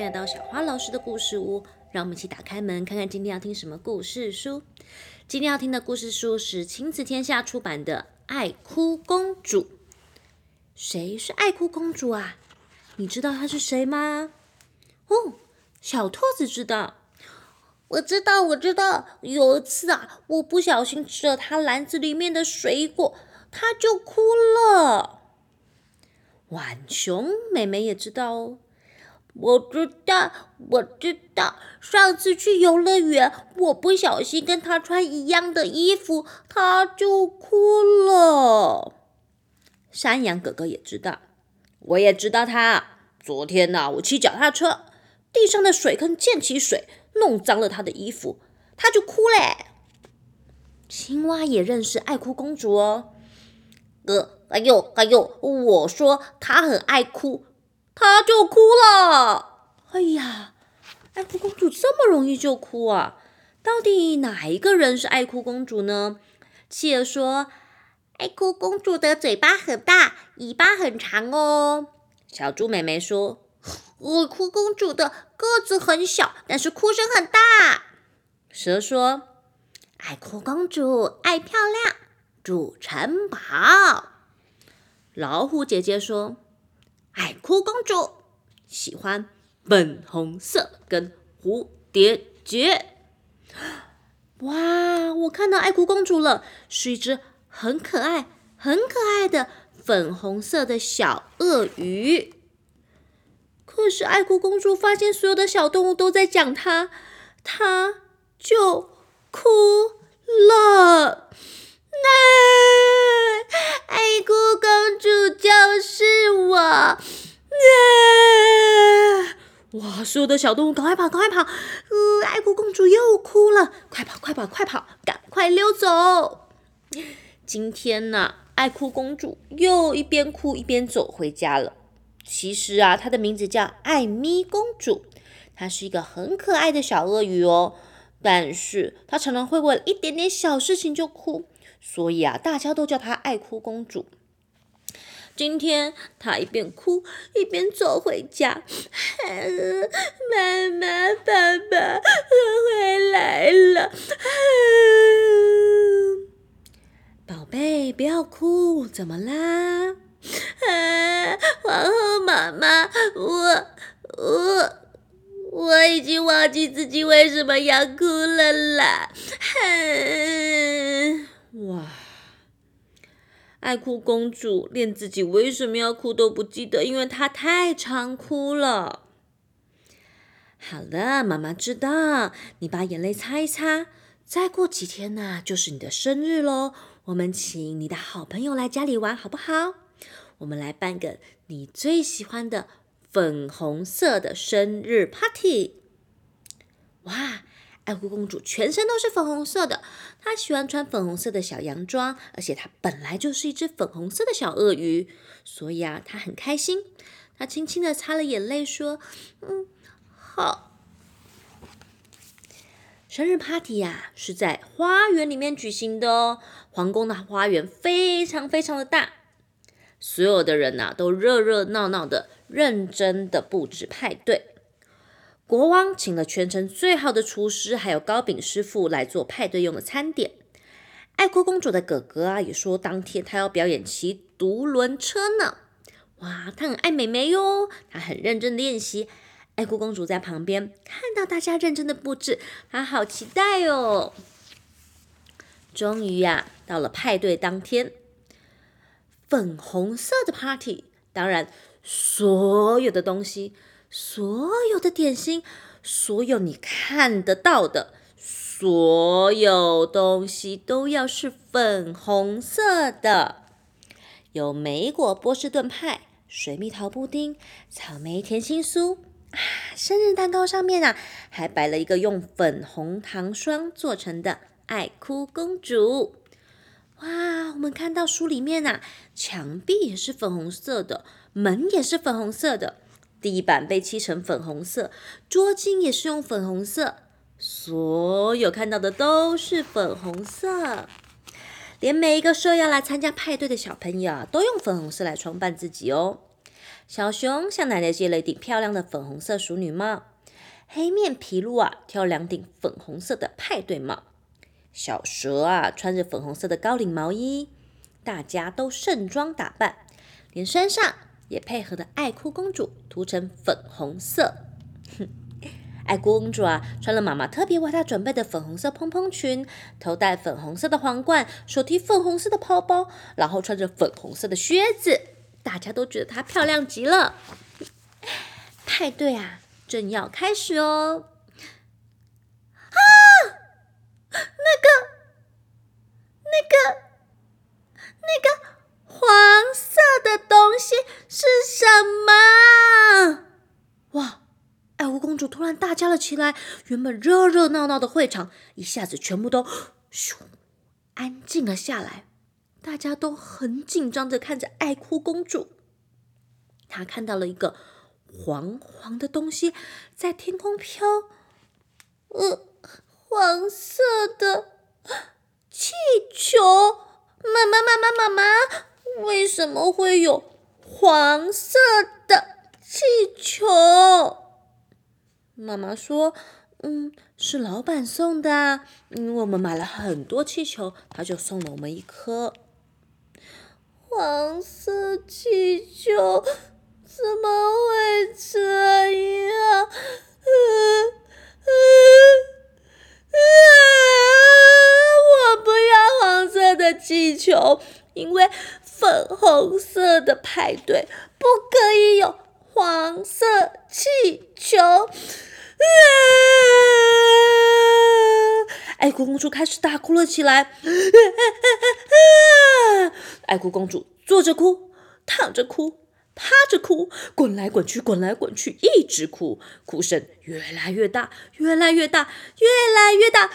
歡迎來到小花老師的故事屋，讓我們一起打開門，看看今天要聽什麼故事書。今天要聽的故事書是親子天下出版的《愛哭公主》。誰是愛哭公主啊？你知道她是誰嗎？哦，小兔子知道。我知道，我知道。有一次啊，我不小心吃了她籃子裡面的水果，她就哭了。浣熊妹妹也知道哦。我知道，我知道。上次去遊樂園，我不小心跟他穿一樣的衣服，他就哭了。山羊哥哥也知道，我也知道他。昨天呢、啊，我騎腳踏車，地上的水坑濺起水，弄髒了他的衣服，他就哭嘞。青蛙也認識愛哭公主哦。哥，哎呦哎呦，我說他很愛哭。她就哭了。哎呀，愛哭公主這麼容易就哭啊？到底哪一個人是愛哭公主呢？企鵝說：“愛哭公主的嘴巴很大，尾巴很長哦。”小豬妹妹說：“愛哭公主的個子很小，但是哭聲很大。”蛇說：“愛哭公主愛漂亮，住城堡。”老虎姐姐說。愛哭公主喜歡粉紅色跟蝴蝶結。哇，我看到愛哭公主了，是一隻很可愛、很可愛的粉紅色的小鱷魚。可是愛哭公主發現所有的小動物都在講她，她就哭了。那、啊、愛哭公主就是我，啊、哇！所有的小動物，趕快跑，趕快跑！呃、嗯、愛哭公主又哭了，快跑，快跑，快跑，快跑，趕快溜走！今天呢、啊，愛哭公主又一邊哭一邊走回家了。其實啊，她的名字叫艾咪公主，她是一個很可愛的小鱷魚哦，但是她常常會為一點點小事情就哭。所以啊，大家都叫她“愛哭公主”。今天她一邊哭一邊走回家，啊、媽媽爸爸，我回來了。啊、寶貝，不要哭，怎麼啦、啊？皇后媽媽，我我我已經忘記自己為什麼要哭了啦。啊愛哭公主連自己為什麼要哭都不記得，因為她太常哭了。好了，媽媽知道，你把眼淚擦一擦。再過幾天呢，就是你的生日嘍。我們請你的好朋友來家裡玩，好不好？我們來辦個你最喜歡的粉紅色的生日派對。哇！愛哭公主全身都是粉紅色的，她喜歡穿粉紅色的小洋裝，而且她本來就是一隻粉紅色的小鱷魚，所以啊，她很開心。她輕輕的擦了眼淚，說：“嗯，好。”生日 party 呀，是在花園裡面舉行的哦。皇宮的花園非常非常的大，所有的人吶、啊，都熱熱鬧鬧的，認真的布置派對。國王請了全城最好的廚師，還有糕餅師傅來做派對用的餐點。愛哭公主的哥哥啊，也說當天他要表演騎獨輪車呢。哇，他很愛妹妹喲、哦，他很認真的練習。愛哭公主在旁邊看到大家認真的布置，她好期待喲、哦。終於呀、啊，到了派對當天，粉紅色的 party，當然所有的東西。所有的點心，所有你看得到的，所有東西都要是粉紅色的。有莓果波士頓派、水蜜桃布丁、草莓甜心酥啊，生日蛋糕上面吶、啊，還擺了一個用粉紅糖霜做成的愛哭公主。哇，我們看到書裡面吶、啊，牆壁也是粉紅色的，門也是粉紅色的。地板被漆成粉紅色，桌巾也是用粉紅色，所有看到的都是粉紅色，連每一個說要來參加派對的小朋友啊，都用粉紅色來裝扮自己哦。小熊向奶奶借了一頂漂亮的粉紅色淑女帽，黑面琵鷺啊挑兩頂粉紅色的派對帽，小蛇啊穿着粉紅色的高領毛衣，大家都盛裝打扮，連身上。也配合的愛哭公主塗成粉紅色，哼，愛哭公主啊，穿了媽媽特別為她準備的粉紅色蓬蓬裙，頭戴粉紅色的皇冠，手提粉紅色的包包，然後穿着粉紅色的靴子，大家都覺得她漂亮極了。派對啊，正要開始哦。什麼？哇！愛哭公主突然大叫了起來。原本熱熱鬧鬧的會場一下子全部都咻，安靜了下來。大家都很緊張的看着愛哭公主。她看到了一個黃黃的東西在天空飄，呃，黃色的氣球。媽媽媽媽媽媽，為什麼會有？黃色的氣球，媽媽說：“嗯，是老闆送的。嗯，我們買了很多氣球，他就送了我們一顆黃色氣球，怎麼會這樣？嗯、呃。嗯、呃、嗯、呃、我不要黃色的氣球，因為……”粉紅色的派對不可以有黃色氣球，愛哭公主開始大哭了起來，愛哭公主坐着哭，躺着哭，趴著哭，滾來滾去，滾來滾去，一直哭，哭聲越來越大，越來越大，越來越大，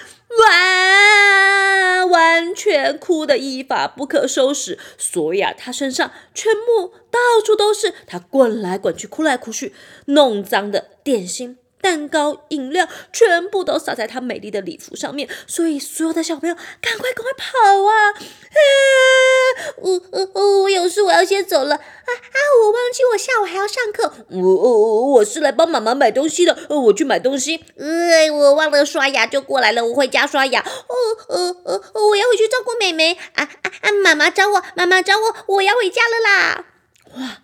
完，完全哭得一發不可收拾。所以啊，他身上全部到處都是，他滾來滾去，哭來哭去，弄髒的點心。蛋糕、飲料全部都灑在她美麗的禮服上面，所以所有的小朋友趕快趕快跑啊！啊！我、呃、我、呃、我、呃、有事，我要先走了。啊啊！我忘記我下午還要上課。我、呃、我、呃、我是來幫媽媽買東西的、呃。我去買東西。呃，我忘了刷牙就過來了，我回家刷牙。哦哦哦！我要回去照顧妹妹。啊啊啊！媽媽找我，媽媽找我，我要回家了啦！哇！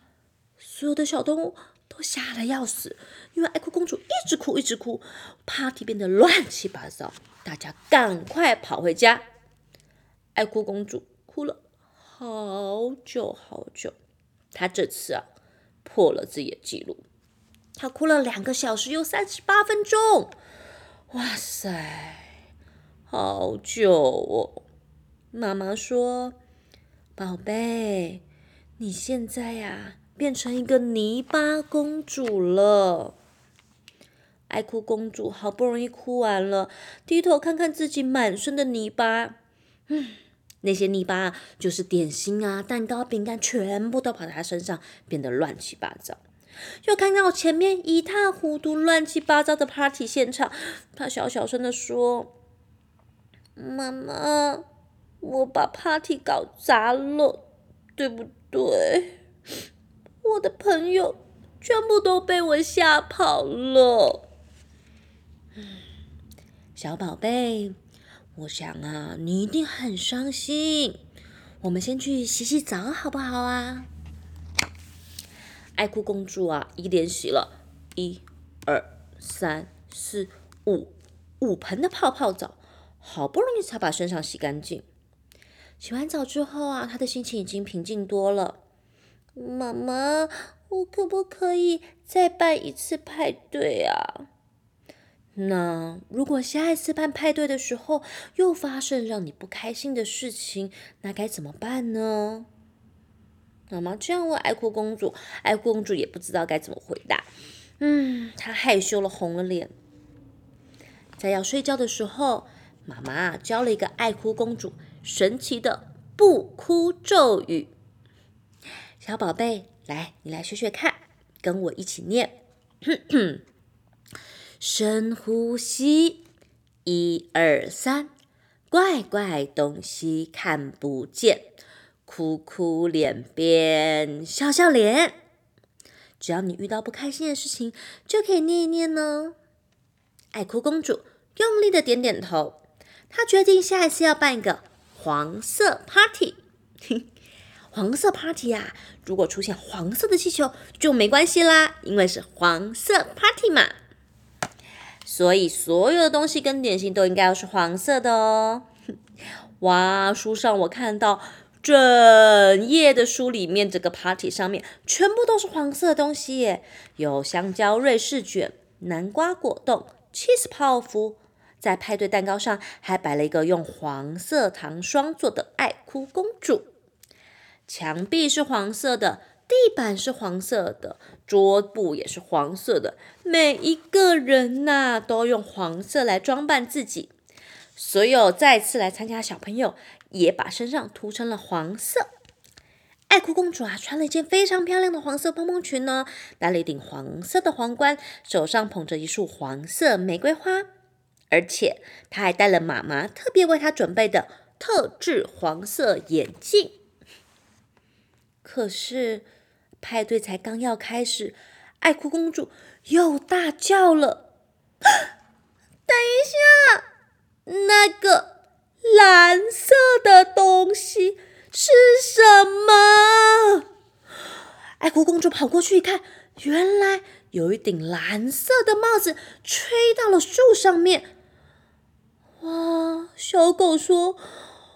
所有的小動物，都嚇得要死，因為愛哭公主一直哭一直哭，party 變得亂七八糟，大家趕快跑回家。愛哭公主哭了好久好久，她這次啊破了自己的記錄，她哭了兩個小時又三十八分鐘，哇塞，好久哦。媽媽說，寶貝，你現在呀、啊。變成一個泥巴公主了，愛哭公主好不容易哭完了，低頭看看自己滿身的泥巴，嗯，那些泥巴就是點心啊、蛋糕、餅乾，全部都跑到她身上，變得亂七八糟。又看到前面一塌糊塗、亂七八糟的 party 現場，她小小聲的說：“媽媽，我把 party 搞砸了，對不對？”我的朋友全部都被我嚇跑了。小寶貝，我想啊，你一定很傷心。我們先去洗洗澡好不好啊？愛哭公主啊，一連洗了，一、二、三、四、五，五盆的泡泡澡，好不容易才把身上洗乾淨。洗完澡之後啊，她的心情已經平靜多了。媽媽，我可不可以再辦一次派對啊？那如果下一次辦派對的時候又發生讓你不開心的事情，那該怎麼辦呢？媽媽這樣問愛哭公主，愛哭公主也不知道該怎麼回答。嗯，她害羞了，紅了臉。在要睡覺的時候，媽媽教了一個愛哭公主神奇的不哭咒語。小寶貝，來，你來學學看，跟我一起念： 深呼吸，一二三，怪怪東西看不見，哭哭臉變笑笑臉。只要你遇到不開心的事情，就可以念一念呢、哦。愛哭公主用力的點點頭，她決定下一次要辦一個黃色 party。 黃色 party 啊，如果出現黃色的氣球就沒關係啦，因為是黃色 party 嘛。所以所有的東西跟點心都應該要是黃色的哦。哇，書上我看到整頁的書裡面這個 party 上面全部都是黃色的東西耶，有香蕉瑞士捲、南瓜果凍、起司泡芙，在派對蛋糕上還擺了一個用黃色糖霜做的愛哭公主。牆壁是黃色的，地板是黃色的，桌布也是黃色的。每一個人吶、啊，都用黃色來裝扮自己。所有再次來參加小朋友也把身上塗成了黃色。愛哭公主啊，穿了一件非常漂亮的黃色蓬蓬裙呢，戴了一頂黃色的皇冠，手上捧着一束黃色玫瑰花，而且她還戴了媽媽特別為她準備的特制黃色眼鏡。可是，派對才剛要開始，愛哭公主又大叫了。啊，等一下，那個藍色的東西是什麼？愛哭公主跑過去一看，原來有一頂藍色的帽子吹到了樹上面。哇！小狗說：“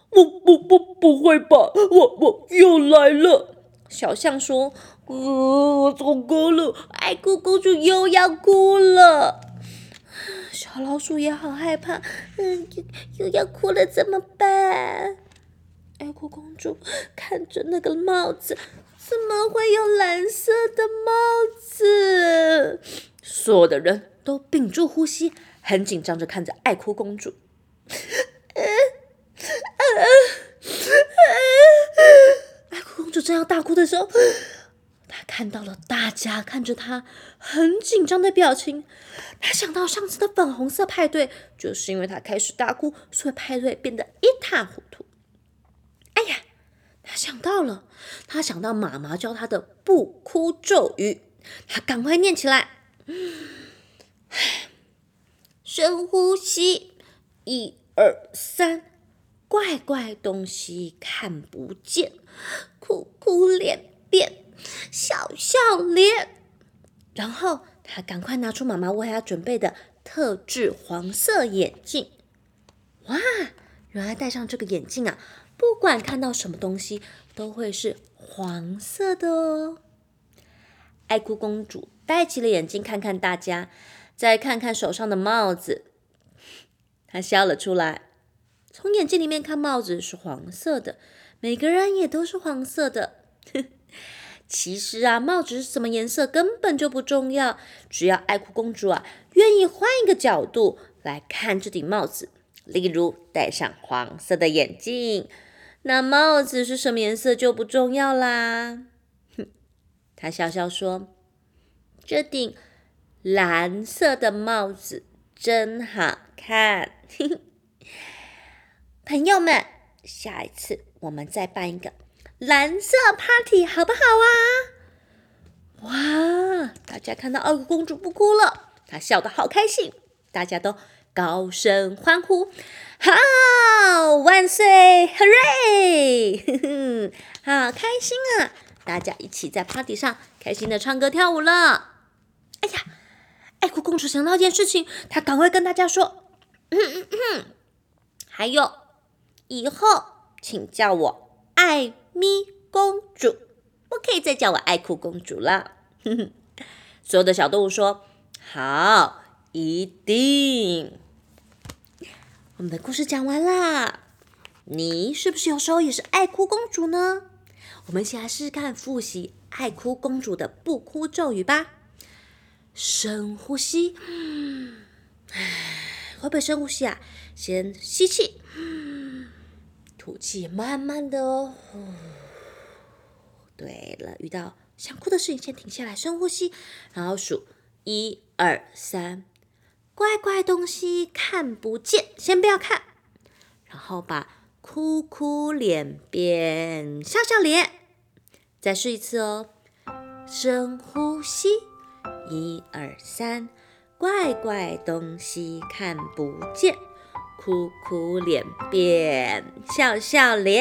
不不不，不會吧？我我又來了。”小象說：“呃，糟糕了，愛哭公主又要哭了。”小老鼠也好害怕，嗯，又又要哭了，怎麼辦？愛哭公主看着那個帽子，怎麼會有藍色的帽子？所有的人都屏住呼吸，很緊張地看着愛哭公主。要大哭的時候，她看到了大家看着她很緊張的表情。她想到上次的粉紅色派對，就是因為她開始大哭，所以派對變得一塌糊塗。哎呀，她想到了，她想到媽媽教她的不哭咒語，她趕快念起來。深呼吸，一二三。怪怪東西看不見，哭哭臉變笑笑臉。然後他趕快拿出媽媽為她準備的特制黃色眼鏡。哇，原來戴上這個眼鏡啊，不管看到什麼東西都會是黃色的哦。愛哭公主戴起了眼鏡，看看大家，再看看手上的帽子，她笑了出來。從眼鏡裡面看，帽子是黃色的。每個人也都是黃色的。哼，其實啊，帽子是什麼顏色根本就不重要，只要愛哭公主啊，願意換一個角度來看這頂帽子。例如戴上黃色的眼鏡，那帽子是什麼顏色就不重要啦。哼，她笑笑說：“這頂藍色的帽子真好看。”呵呵朋友們，下一次我們再辦一個藍色 party 好不好啊？哇！大家看到愛哭公主不哭了，她笑得好開心，大家都高聲歡呼，好萬歲！Hooray！哼哼，好開心啊！大家一起在 party 上開心的唱歌跳舞了。哎呀，愛哭公主想到一件事情，她趕快跟大家說，嗯嗯嗯、還有。以後請叫我艾咪公主，不可以再叫我愛哭公主了。哼哼，所有的小動物說：“好，一定。”我們的故事講完了，你是不是有時候也是愛哭公主呢？我們先來試試看複習愛哭公主的不哭咒語吧。深呼吸，哎，會不會深呼吸啊？先吸氣。吐氣，慢慢的哦，呼。對了，遇到想哭的事情，先停下來，深呼吸，然後數一二三，1, 2, 3，怪怪東西看不見，先不要看，然後把哭哭臉變笑笑臉，再試一次哦，深呼吸，一二三，怪怪東西看不見。哭哭臉變笑笑臉。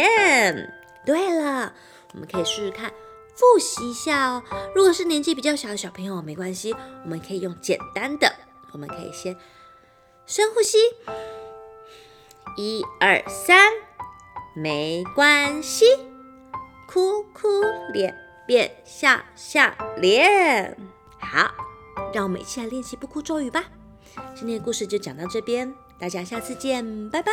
對了，我們可以試試看，複習一下哦。如果是年紀比較小的小朋友，沒關係，我們可以用簡單的。我們可以先深呼吸，一、二、三，沒關係。哭哭臉變笑笑臉。好，讓我們一起來練習不哭咒語吧。今天的故事就講到這邊。大家下次見，拜拜。